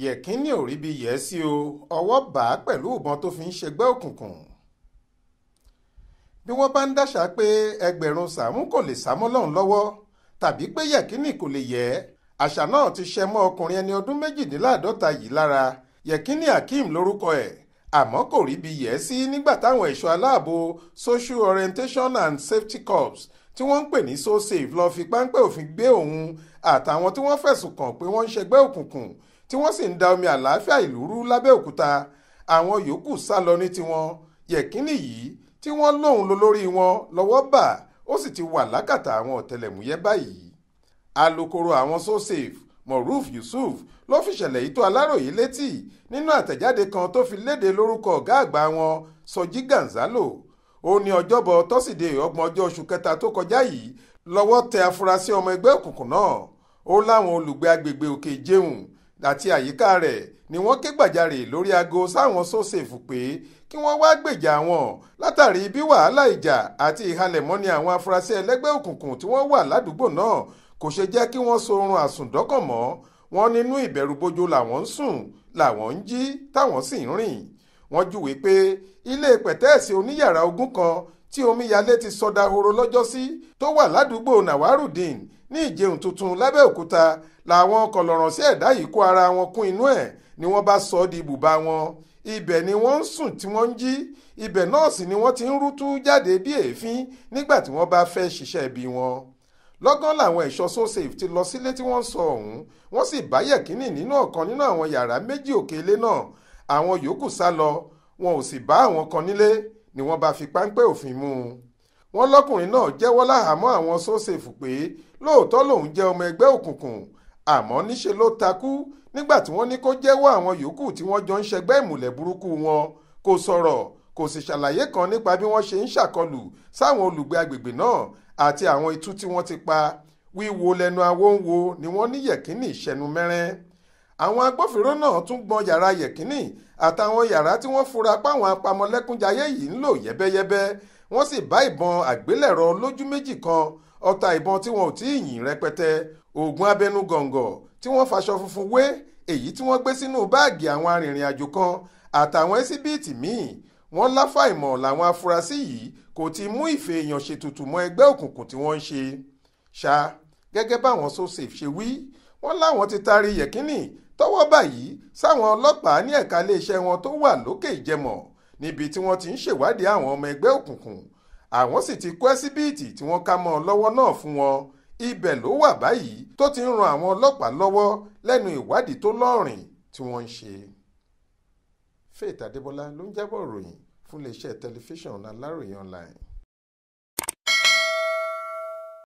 yẹ̀kínní ò rí bí sí o ọwọ́ bá a pẹ̀lú ìbọn tó fi ń ṣègbè òkùnkùn bí wọ́n bá ń dáṣà pé ẹgbẹ̀rún sàmú kò lè sámọ́ lọ́hùn lọ́wọ́ tàbí pé yẹ̀kínní kò lè yẹ̀ àṣà náà ti ṣẹ mọ́ ọkùnrin ẹni ọdún méjìdínláàádọ́ta yìí lára yẹ̀kínní akeem lórúkọ ẹ̀ àmọ́ kò rí bí yẹ̀ sí nígbà táwọn ẹ̀ṣọ́ aláàbò social orientation and safety corps tí wọ́n ń pè ní sosafe lọ́ọ́ fi páńpẹ́ òfin gbé òun àtàwọn tí wọ́n fẹ̀sùn kàn pé wọ́n ń ṣẹgbẹ́ òkùnkùn tí wọ́n sì ń da omi àlàáfíà ìlú rú lábẹ́òkúta àwọn yòókù sá lọ ní tiwọn yẹ̀kínní yìí tí wọ́n lóun lólórí wọn lọ́wọ́ bà ó sì ti wà lákàtà àwọn ọ̀tẹlẹ̀múyẹ́ báyìí alukoro àwọn sosafe moruf yusuf ló fìṣẹ̀lẹ̀ yìí tó aláròyé létí nínú àtẹ̀jáde kan tó fi léde lórúkọ ọ̀gá àgbà wọn sọjí gonzalo ó ní ọjọ́bọ tọ́sídẹ̀ẹ́ ọgbọ̀n ọjọ́ oṣù kẹta tó kọjá yìí lọ́wọ́ tẹ afurasí ọmọ ẹgbẹ́ òkùnkùn náà ó láwọn olùgbé agbègbè òkè jẹun àti àyíká rẹ̀ ni wọ́n ké gbàjarè lórí aago sáwọn sósèfù pé kí wọ́n wá gbèjà wọn látàrí bí wàhálà ìjà àti ìhalẹ̀mọ́ni àwọn afurasí ẹlẹ́gbẹ́ òkùnkùn tí wọ́n wà ládùúgbò náà kò ṣe jẹ́ kí wọ́n sorun àsùndọ́kàn mọ́ wọn nínú ìbẹ̀rùbojo làwọn ń sùn làwọn ń jí táwọn sì ń rìn wọ́n júwe pé ilé pẹ̀tẹ́ẹ̀sì oníyàrá ogún kan tí omíyalé ti sọdá horo lọ́jọ́sí tó wà ládùúgbò nàwárùdín ní ìjẹun tuntun lábẹ́òkúta làwọn kọlọ̀rọ̀ sí ẹ̀dá yìí kó ara wọn kún inú ẹ̀ ni wọ́n bá sọ ọ́ di ibùba wọn ibẹ̀ ni wọ́n ń sùn tí wọ́n ń jí ibẹ̀ náà sì ni wọ́n ti ń rútú jáde bí èéfín nígbà tí wọ́n bá fẹ́ ṣiṣẹ́ ibi wọn lọ́gán làwọn ẹ̀ṣọ́ sosafe ti lọ sílé tí wọ́n sọ ọ̀hún wọ́n sì bá yẹ̀kínì nínú ọ̀kan nínú àwọn yàrá méjì òkè ilé náà àwọn yòókù sá lọ wọn ò sì bá àwọn kan nílé ni wọ́n bá fi páńpẹ́ òfin mú un wọ́n lọ́kùnrin náà jẹ́wọ́ láhàámọ́ àwọn sósèfù pé lóòótọ́ lòun jẹ́ ọmọ ẹgbẹ́ òkùnkùn àmọ́ níṣe ló takú nígbà tí wọ́n ní kó jẹ́wọ́ àwọn yòókù tí wọ́n jọ ń ṣẹgbẹ́ ìmùlẹ̀ burúkú wọn kò sọ̀rọ̀ kò sì ṣàlàyé kan nípa bí wọ́n ṣe ń ṣàkọlù sáwọn olùgbé agbègbè náà àti àwọn itú tí wọ́n ti pa wíwo lẹ́nu awó ń wo ni wọ́n níyẹ̀kínní ìṣẹ́nu mẹ́rẹ́ àwọn agbófinró náà tún gbọn yàrá yẹ̀kínní àtàwọn yàrá tí wọ́n fura páwọn apamọ́lẹ́kúnjayé yìí ń lò yẹ́bẹ́yẹ́bẹ́ wọ́n sì bá ìbọn àgbélẹ̀rọ lójú méjì kan ọta ìbọn tí wọn ò tí ì yìn rẹpẹtẹ oògùn abẹnú gọ̀ǹgọ̀ tí wọ́n faṣọ funfun wé èyí tí wọ́n gbé sínú báàgì àwọn arìnrìn àjò kan àtàwọn ẹsíbíìtì míì wọ́n láfàìmọ̀ làwọn afurasí yìí kò ti mú ìfẹ́ èèyàn ṣètùtù mọ́ ẹgbẹ́ òkùnkùn tí wọ́n ń ṣe ṣá gẹ́gẹ́ báwọn so safe ṣe wí wọ́n láwọn ti taari yẹ̀kínní tọ́wọ́ báyìí sáwọn ọlọ́pàá ní ẹ̀ka iléeṣẹ́ wọn tó wà lókè ìjẹmọ̀ níbi tí wọ́n ti ń ṣèwádìí àwọn ọmọ ẹgbẹ́ òkùnkùn àwọn sì ti kó ẹ́síbíìtì tí wọ́n ká mọ́ ọ lọ́wọ́ náà fún wọn ibẹ̀ ló wà báyìí tó ti ń ran àwọn ọlọ́pàá lọ́wọ́ lẹ́nu ìwádìí tó lọ́rìn tí wọ́n ń ṣe. Faith Adébọlá ló ń jábọ̀ ròyìn fún iléeṣẹ́ tẹlifíṣàn Aláròyé online.